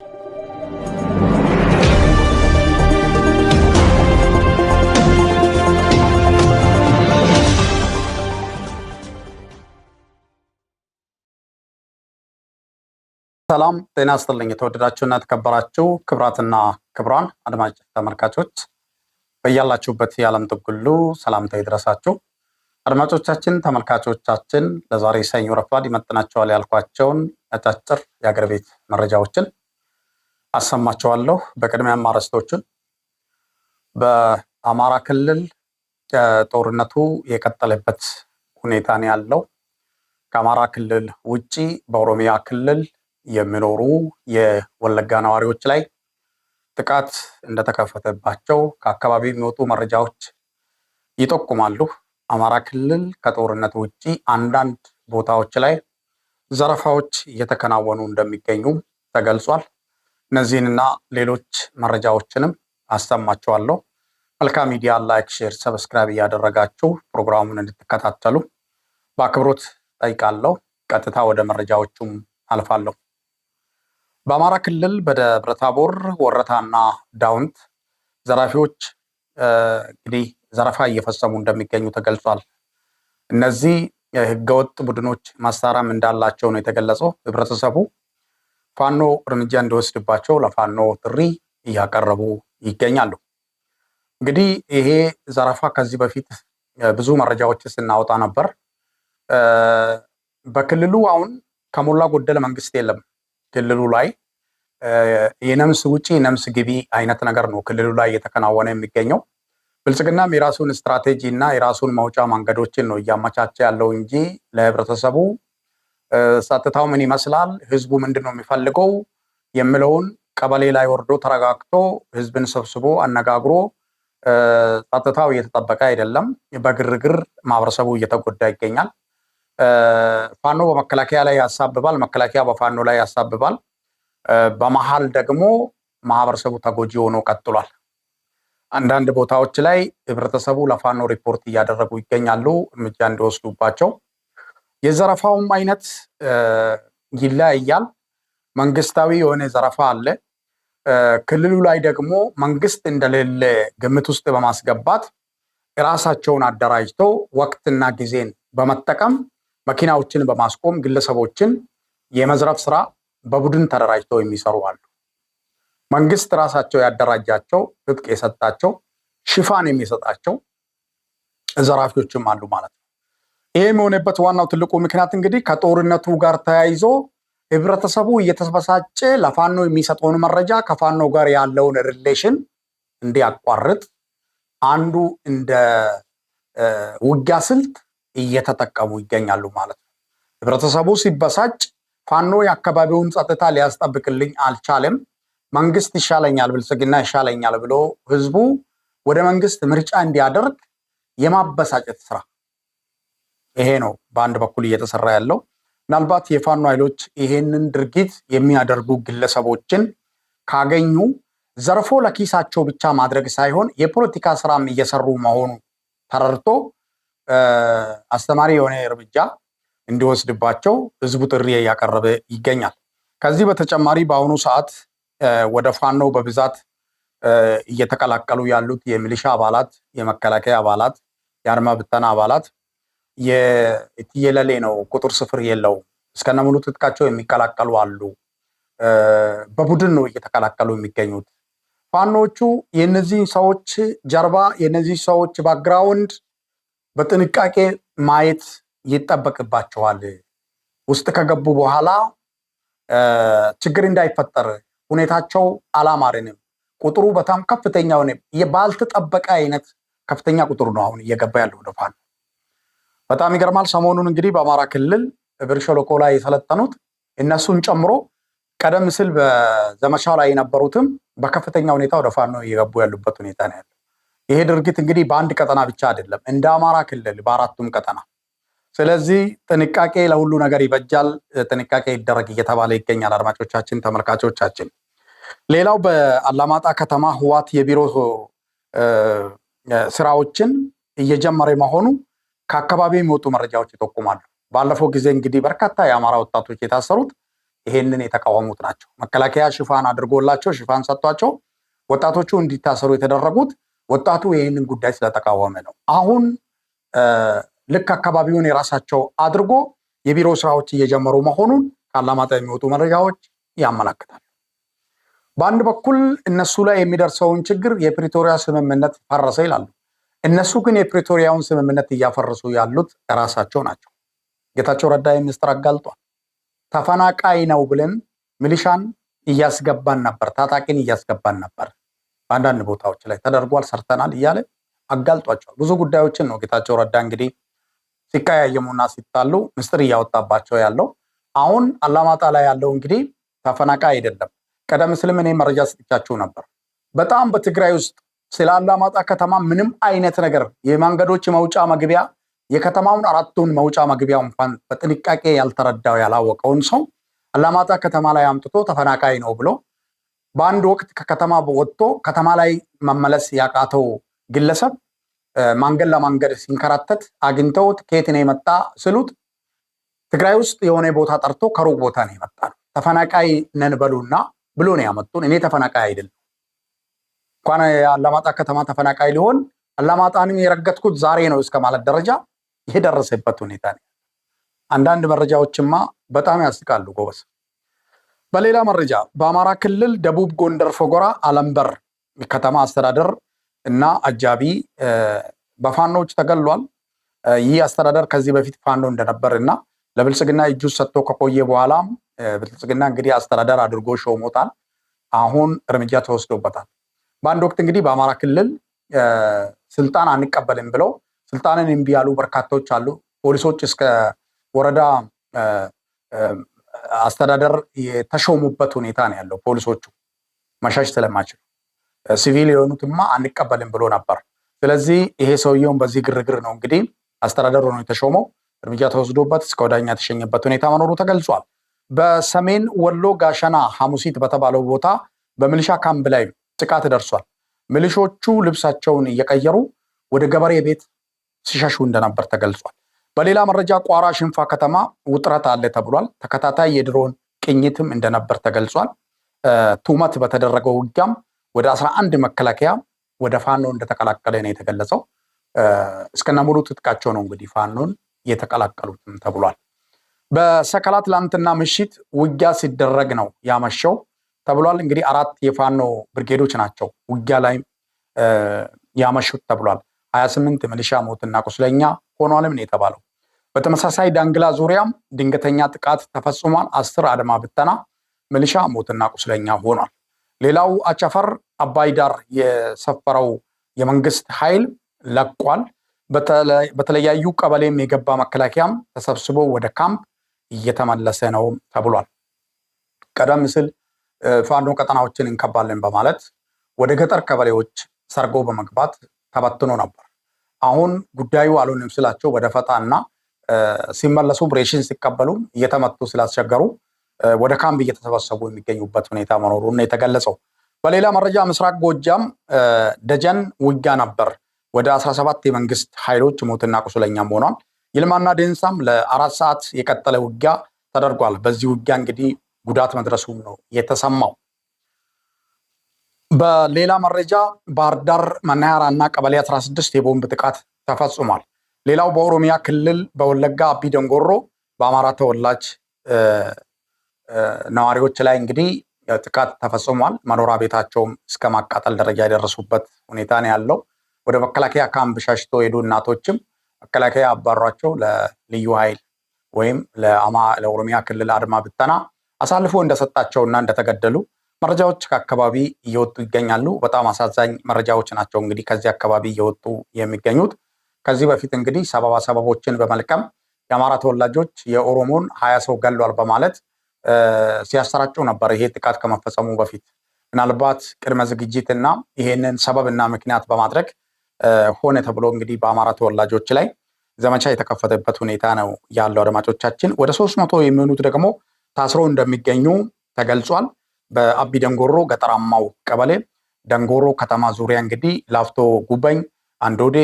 ሰላም ጤና ይስጥልኝ። የተወደዳችሁና የተከበራችሁ ክብራትና ክብሯን አድማጭ ተመልካቾች በያላችሁበት የዓለም ጥግ ሁሉ ሰላምታ ይድረሳችሁ። አድማጮቻችን፣ ተመልካቾቻችን ለዛሬ ሰኞ ረፋድ ይመጥናቸዋል ያልኳቸውን አጫጭር የአገር ቤት መረጃዎችን አሰማቸዋለሁ። በቅድሚያም አርዕስቶቹን በአማራ ክልል ጦርነቱ የቀጠለበት ሁኔታ ነው ያለው። ከአማራ ክልል ውጪ በኦሮሚያ ክልል የሚኖሩ የወለጋ ነዋሪዎች ላይ ጥቃት እንደተከፈተባቸው ከአካባቢ የሚወጡ መረጃዎች ይጠቁማሉ። አማራ ክልል ከጦርነቱ ውጪ አንዳንድ ቦታዎች ላይ ዘረፋዎች እየተከናወኑ እንደሚገኙ ተገልጿል። እነዚህንና ሌሎች መረጃዎችንም አሰማችኋለሁ። መልካም ሚዲያ ላይክ፣ ሼር፣ ሰብስክራይብ እያደረጋችሁ ፕሮግራሙን እንድትከታተሉ በአክብሮት ጠይቃለሁ። ቀጥታ ወደ መረጃዎቹም አልፋለሁ። በአማራ ክልል በደብረ ታቦር ወረታና ዳውንት ዘራፊዎች እንግዲህ ዘረፋ እየፈጸሙ እንደሚገኙ ተገልጿል። እነዚህ ህገወጥ ቡድኖች መሳሪያም እንዳላቸው ነው የተገለጸው። ህብረተሰቡ ፋኖ እርምጃ እንዲወስድባቸው ለፋኖ ጥሪ እያቀረቡ ይገኛሉ። እንግዲህ ይሄ ዘረፋ ከዚህ በፊት ብዙ መረጃዎች ስናወጣ ነበር። በክልሉ አሁን ከሞላ ጎደል መንግስት የለም። ክልሉ ላይ የነምስ ውጪ ነምስ ግቢ አይነት ነገር ነው ክልሉ ላይ እየተከናወነ የሚገኘው። ብልጽግናም የራሱን ስትራቴጂ እና የራሱን መውጫ መንገዶችን ነው እያመቻቸ ያለው እንጂ ለህብረተሰቡ ጸጥታው ምን ይመስላል፣ ህዝቡ ምንድን ነው የሚፈልገው የሚለውን ቀበሌ ላይ ወርዶ ተረጋግቶ ህዝብን ሰብስቦ አነጋግሮ ጸጥታው እየተጠበቀ አይደለም። በግርግር ማህበረሰቡ እየተጎዳ ይገኛል። ፋኖ በመከላከያ ላይ ያሳብባል፣ መከላከያ በፋኖ ላይ ያሳብባል። በመሀል ደግሞ ማህበረሰቡ ተጎጂ ሆኖ ቀጥሏል። አንዳንድ ቦታዎች ላይ ህብረተሰቡ ለፋኖ ሪፖርት እያደረጉ ይገኛሉ እርምጃ እንዲወስዱባቸው የዘረፋውም አይነት ይለያያል። መንግስታዊ የሆነ ዘረፋ አለ። ክልሉ ላይ ደግሞ መንግስት እንደሌለ ግምት ውስጥ በማስገባት ራሳቸውን አደራጅተው ወቅትና ጊዜን በመጠቀም መኪናዎችን በማስቆም ግለሰቦችን የመዝረፍ ስራ በቡድን ተደራጅተው የሚሰሩ አሉ። መንግስት ራሳቸው ያደራጃቸው ትጥቅ የሰጣቸው ሽፋን የሚሰጣቸው ዘራፊዎችም አሉ ማለት ነው። ይህም የሆነበት ዋናው ትልቁ ምክንያት እንግዲህ ከጦርነቱ ጋር ተያይዞ ህብረተሰቡ እየተበሳጨ ለፋኖ የሚሰጠውን መረጃ ከፋኖ ጋር ያለውን ሪሌሽን እንዲያቋርጥ አንዱ እንደ ውጊያ ስልት እየተጠቀሙ ይገኛሉ ማለት ነው። ህብረተሰቡ ሲበሳጭ ፋኖ የአካባቢውን ጸጥታ ሊያስጠብቅልኝ አልቻለም፣ መንግስት ይሻለኛል፣ ብልጽግና ይሻለኛል ብሎ ህዝቡ ወደ መንግስት ምርጫ እንዲያደርግ የማበሳጨት ስራ ይሄ ነው በአንድ በኩል እየተሰራ ያለው። ምናልባት የፋኖ ኃይሎች ይሄንን ድርጊት የሚያደርጉ ግለሰቦችን ካገኙ ዘርፎ ለኪሳቸው ብቻ ማድረግ ሳይሆን የፖለቲካ ስራም እየሰሩ መሆኑ ተረድቶ አስተማሪ የሆነ እርምጃ እንዲወስድባቸው ህዝቡ ጥሪ እያቀረበ ይገኛል። ከዚህ በተጨማሪ በአሁኑ ሰዓት ወደ ፋኖ በብዛት እየተቀላቀሉ ያሉት የሚሊሻ አባላት፣ የመከላከያ አባላት፣ የአድማ ብተና አባላት የትየለሌ ነው፣ ቁጥር ስፍር የለውም። ሙሉ ትጥቃቸው የሚቀላቀሉ አሉ። በቡድን ነው እየተቀላቀሉ የሚገኙት ፋኖቹ። የነዚህ ሰዎች ጀርባ፣ የነዚህ ሰዎች ባክግራውንድ በጥንቃቄ ማየት ይጠበቅባቸዋል። ውስጥ ከገቡ በኋላ ችግር እንዳይፈጠር ሁኔታቸው አላማርንም። ቁጥሩ በጣም ከፍተኛ ሆነ፣ ባልተጠበቀ አይነት ከፍተኛ ቁጥሩ ነው አሁን እየገባ ያለው ወደ ፋኖ በጣም ይገርማል። ሰሞኑን እንግዲህ በአማራ ክልል ብር ሸለቆ ላይ የሰለጠኑት እነሱን ጨምሮ ቀደም ሲል በዘመቻ ላይ የነበሩትም በከፍተኛ ሁኔታ ወደ ፋኖ እየገቡ ያሉበት ሁኔታ ነው ያለው። ይሄ ድርጊት እንግዲህ በአንድ ቀጠና ብቻ አይደለም፣ እንደ አማራ ክልል በአራቱም ቀጠና። ስለዚህ ጥንቃቄ ለሁሉ ነገር ይበጃል፣ ጥንቃቄ ይደረግ እየተባለ ይገኛል። አድማጮቻችን፣ ተመልካቾቻችን፣ ሌላው በአላማጣ ከተማ ህዋት የቢሮ ስራዎችን እየጀመረ መሆኑ ከአካባቢ የሚወጡ መረጃዎች ይጠቁማሉ። ባለፈው ጊዜ እንግዲህ በርካታ የአማራ ወጣቶች የታሰሩት ይሄንን የተቃወሙት ናቸው። መከላከያ ሽፋን አድርጎላቸው ሽፋን ሰጥቷቸው ወጣቶቹ እንዲታሰሩ የተደረጉት ወጣቱ ይህንን ጉዳይ ስለተቃወመ ነው። አሁን ልክ አካባቢውን የራሳቸው አድርጎ የቢሮ ስራዎች እየጀመሩ መሆኑን ከአላማጣ የሚወጡ መረጃዎች ያመላክታል። በአንድ በኩል እነሱ ላይ የሚደርሰውን ችግር የፕሪቶሪያ ስምምነት ፈረሰ ይላሉ። እነሱ ግን የፕሪቶሪያውን ስምምነት እያፈረሱ ያሉት ራሳቸው ናቸው። ጌታቸው ረዳ ሚኒስትር አጋልጧል። ተፈናቃይ ነው ብለን ሚሊሻን እያስገባን ነበር፣ ታጣቂን እያስገባን ነበር፣ በአንዳንድ ቦታዎች ላይ ተደርጓል፣ ሰርተናል እያለ አጋልጧቸዋል። ብዙ ጉዳዮችን ነው ጌታቸው ረዳ እንግዲህ ሲቀያየሙና ሲጣሉ ምስጢር እያወጣባቸው ያለው። አሁን አላማጣ ላይ ያለው እንግዲህ ተፈናቃይ አይደለም። ቀደም ሲልም እኔ መረጃ ሰጥቻችሁ ነበር። በጣም በትግራይ ውስጥ ስለ አላማጣ ከተማ ምንም አይነት ነገር የመንገዶች መውጫ መግቢያ የከተማውን አራቱን መውጫ መግቢያ እንኳን በጥንቃቄ ያልተረዳው ያላወቀውን ሰው አላማጣ ከተማ ላይ አምጥቶ ተፈናቃይ ነው ብሎ በአንድ ወቅት ከከተማ ወጥቶ ከተማ ላይ መመለስ ያቃተው ግለሰብ ማንገድ ለማንገድ ሲንከራተት አግኝተውት ከየት ነው የመጣ ስሉት ትግራይ ውስጥ የሆነ ቦታ ጠርቶ ከሩቅ ቦታ ነው የመጣ ተፈናቃይ ነን በሉና ብሎ ነው ያመጡን። እኔ ተፈናቃይ አይደለም እንኳን የአላማጣ ከተማ ተፈናቃይ ሊሆን አላማጣንም የረገጥኩት ዛሬ ነው እስከ ማለት ደረጃ የደረሰበት ሁኔታ ነው። አንዳንድ መረጃዎችማ በጣም ያስቃሉ ጎበስ። በሌላ መረጃ በአማራ ክልል ደቡብ ጎንደር ፎጎራ አለምበር ከተማ አስተዳደር እና አጃቢ በፋኖች ተገሏል። ይህ አስተዳደር ከዚህ በፊት ፋኖ እንደነበር እና ለብልጽግና እጁ ሰጥቶ ከቆየ በኋላም ብልጽግና እንግዲህ አስተዳደር አድርጎ ሾሞታል። አሁን እርምጃ ተወስዶበታል። በአንድ ወቅት እንግዲህ በአማራ ክልል ስልጣን አንቀበልም ብለው ስልጣንን እምቢ ያሉ በርካታዎች አሉ። ፖሊሶች እስከ ወረዳ አስተዳደር የተሾሙበት ሁኔታ ነው ያለው። ፖሊሶቹ መሻሽ ስለማይችሉ ሲቪል የሆኑትማ አንቀበልም ብሎ ነበር። ስለዚህ ይሄ ሰውየውን በዚህ ግርግር ነው እንግዲህ አስተዳደር ነው የተሾመው። እርምጃ ተወስዶበት እስከ ወዳኛ የተሸኘበት ሁኔታ መኖሩ ተገልጿል። በሰሜን ወሎ ጋሸና ሐሙሲት በተባለው ቦታ በሚሊሻ ካምፕ ላይ ጥቃት ደርሷል። ሚሊሾቹ ልብሳቸውን እየቀየሩ ወደ ገበሬ ቤት ሲሸሹ እንደነበር ተገልጿል። በሌላ መረጃ ቋራ ሽንፋ ከተማ ውጥረት አለ ተብሏል። ተከታታይ የድሮን ቅኝትም እንደነበር ተገልጿል። ቱመት በተደረገው ውጊያም ወደ 11 መከላከያ ወደ ፋኖ እንደተቀላቀለ ነው የተገለጸው። እስከነ ሙሉ ትጥቃቸው ነው እንግዲህ ፋኖን የተቀላቀሉትም ተብሏል። በሰከላ ትላንትና ምሽት ውጊያ ሲደረግ ነው ያመሸው። ተብሏል። እንግዲህ አራት የፋኖ ብርጌዶች ናቸው ውጊያ ላይ ያመሹት ተብሏል። ሀያ ስምንት ምልሻ ሞትና ቁስለኛ ሆኗልም ነው የተባለው። በተመሳሳይ ዳንግላ ዙሪያም ድንገተኛ ጥቃት ተፈጽሟል። አስር አድማ ብተና ሚሊሻ ሞትና ቁስለኛ ሆኗል። ሌላው አቻፈር አባይ ዳር የሰፈረው የመንግስት ኃይል ለቋል። በተለያዩ ቀበሌም የገባ መከላከያም ተሰብስቦ ወደ ካምፕ እየተመለሰ ነው ተብሏል። ቀደም ሲል ፋኖ ቀጠናዎችን እንከባለን በማለት ወደ ገጠር ቀበሌዎች ሰርጎ በመግባት ተበትኖ ነበር። አሁን ጉዳዩ አሉንም ስላቸው ወደ ፈጣ እና ሲመለሱ ብሬሽን ሲቀበሉ እየተመቱ ስላስቸገሩ ወደ ካምፕ እየተሰበሰቡ የሚገኙበት ሁኔታ መኖሩን የተገለጸው። በሌላ መረጃ ምስራቅ ጎጃም ደጀን ውጊያ ነበር። ወደ 17 የመንግስት ኃይሎች ሞትና ቁስለኛም ሆኗል። ይልማና ዴንሳም ለአራት ሰዓት የቀጠለ ውጊያ ተደርጓል። በዚህ ውጊያ እንግዲህ ጉዳት መድረሱም ነው የተሰማው። በሌላ መረጃ ባህር ዳር መናያራ እና ቀበሌ 16 የቦምብ ጥቃት ተፈጽሟል። ሌላው በኦሮሚያ ክልል በወለጋ አቢ ደንጎሮ በአማራ ተወላጅ ነዋሪዎች ላይ እንግዲህ ጥቃት ተፈጽሟል። መኖሪያ ቤታቸውም እስከ ማቃጠል ደረጃ የደረሱበት ሁኔታ ነው ያለው። ወደ መከላከያ ካምፕ ሸሽቶ የሄዱ እናቶችም መከላከያ አባሯቸው ለልዩ ኃይል ወይም ለኦሮሚያ ክልል አድማ ብተና አሳልፎ እንደሰጣቸውና እንደተገደሉ መረጃዎች ከአካባቢ እየወጡ ይገኛሉ። በጣም አሳዛኝ መረጃዎች ናቸው እንግዲህ ከዚህ አካባቢ እየወጡ የሚገኙት። ከዚህ በፊት እንግዲህ ሰበባ ሰበቦችን በመልቀም የአማራ ተወላጆች የኦሮሞን ሀያ ሰው ገሏል በማለት ሲያሰራጩ ነበር። ይሄ ጥቃት ከመፈጸሙ በፊት ምናልባት ቅድመ ዝግጅት እና ይሄንን ሰበብ እና ምክንያት በማድረግ ሆነ ተብሎ እንግዲህ በአማራ ተወላጆች ላይ ዘመቻ የተከፈተበት ሁኔታ ነው ያለው። አድማጮቻችን ወደ ሶስት መቶ የሚሆኑት ደግሞ ታስረው እንደሚገኙ ተገልጿል። በአቢ ደንጎሮ ገጠራማው ቀበሌ ደንጎሮ ከተማ ዙሪያ እንግዲህ ላፍቶ ጉበኝ፣ አንዶዴ፣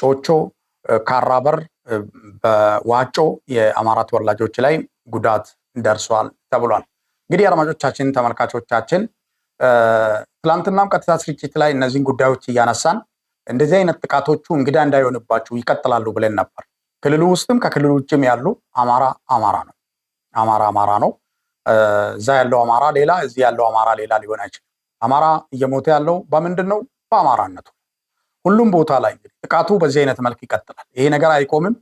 ጮቾ፣ ካራበር፣ በዋጮ የአማራ ተወላጆች ላይ ጉዳት ደርሷል ተብሏል። እንግዲህ አድማጮቻችን፣ ተመልካቾቻችን ትላንትናም ቀጥታ ስርጭት ላይ እነዚህን ጉዳዮች እያነሳን እንደዚህ አይነት ጥቃቶቹ እንግዳ እንዳይሆንባችሁ ይቀጥላሉ ብለን ነበር። ክልሉ ውስጥም ከክልሉ ውጭም ያሉ አማራ አማራ ነው። አማራ አማራ ነው። እዛ ያለው አማራ ሌላ፣ እዚህ ያለው አማራ ሌላ ሊሆን አይችልም። አማራ እየሞተ ያለው በምንድን ነው? በአማራነቱ። ሁሉም ቦታ ላይ እንግዲህ ጥቃቱ በዚህ አይነት መልክ ይቀጥላል። ይሄ ነገር አይቆምም።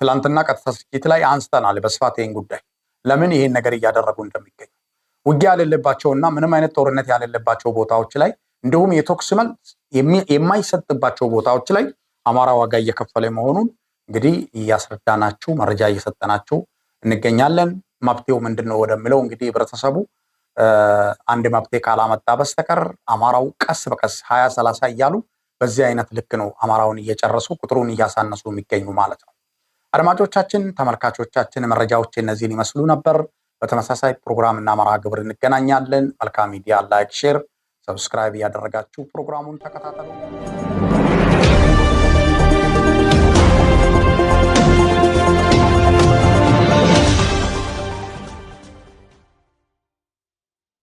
ትላንትና ቀጥታ ስርጭት ላይ አንስተናል በስፋት ይህን ጉዳይ ለምን ይሄን ነገር እያደረጉ እንደሚገኙ ውጊያ እና ምንም አይነት ጦርነት ያሌለባቸው ቦታዎች ላይ እንዲሁም የተኩስ መልስ የማይሰጥባቸው ቦታዎች ላይ አማራ ዋጋ እየከፈለ መሆኑን እንግዲህ እያስረዳናችሁ መረጃ እየሰጠናችሁ እንገኛለን። መፍትሄው ምንድን ነው ወደሚለው እንግዲህ ህብረተሰቡ አንድ መፍትሄ ካላመጣ በስተቀር አማራው ቀስ በቀስ ሀያ ሰላሳ እያሉ በዚህ አይነት ልክ ነው አማራውን እየጨረሱ ቁጥሩን እያሳነሱ የሚገኙ ማለት ነው። አድማጮቻችን፣ ተመልካቾቻችን መረጃዎች እነዚህን ይመስሉ ነበር። በተመሳሳይ ፕሮግራም እና አማራ ግብር እንገናኛለን። መልካም ሚዲያ ላይክ፣ ሼር፣ ሰብስክራይብ እያደረጋችሁ ፕሮግራሙን ተከታተሉ።